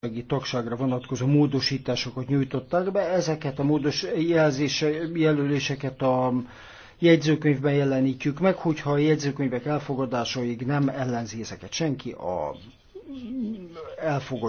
bizottsági tagságra vonatkozó módosításokat nyújtottak be, ezeket a módos jelzése, jelöléseket a jegyzőkönyvben jelenítjük meg, hogyha a jegyzőkönyvek elfogadásaig nem ellenzi ezeket senki, a elfogad.